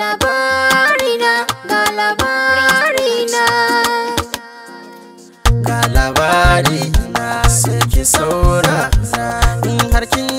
labarina ga labarina ga labarina sai saura in har kin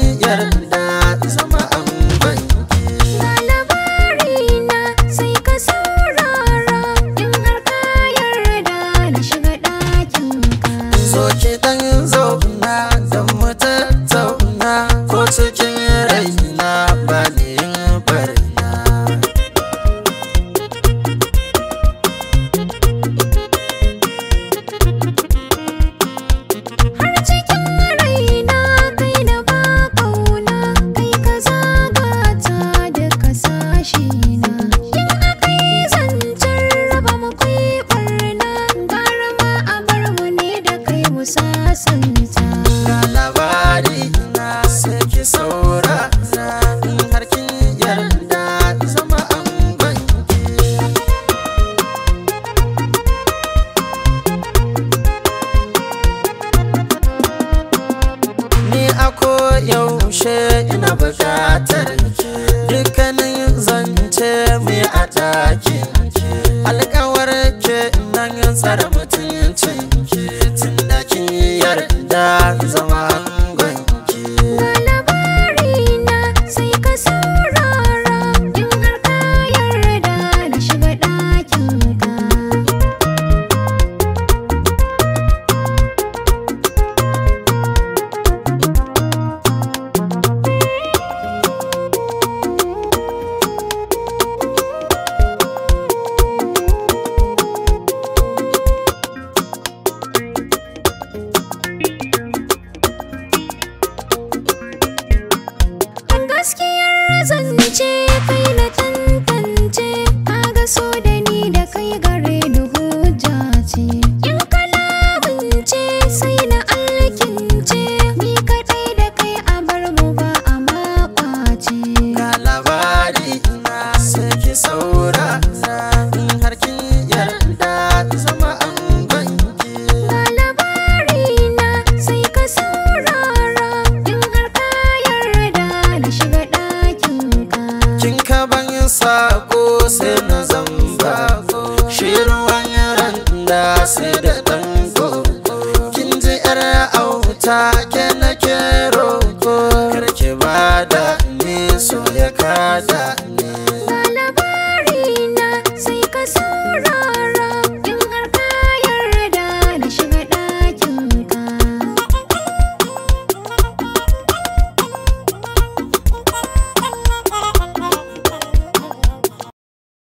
na bukatar ki dukkanin zance mai a taki alkawar ke nan tsara mutuncin ki tun da ki yarda zama zance kai na tantance a so da ni da kai gare ni ce in kana bince sai na alkince ni kadai da kai a bar mu ba a makwace ga labari na saki ki saura sai da ɗan kin ji 'yar auta kenan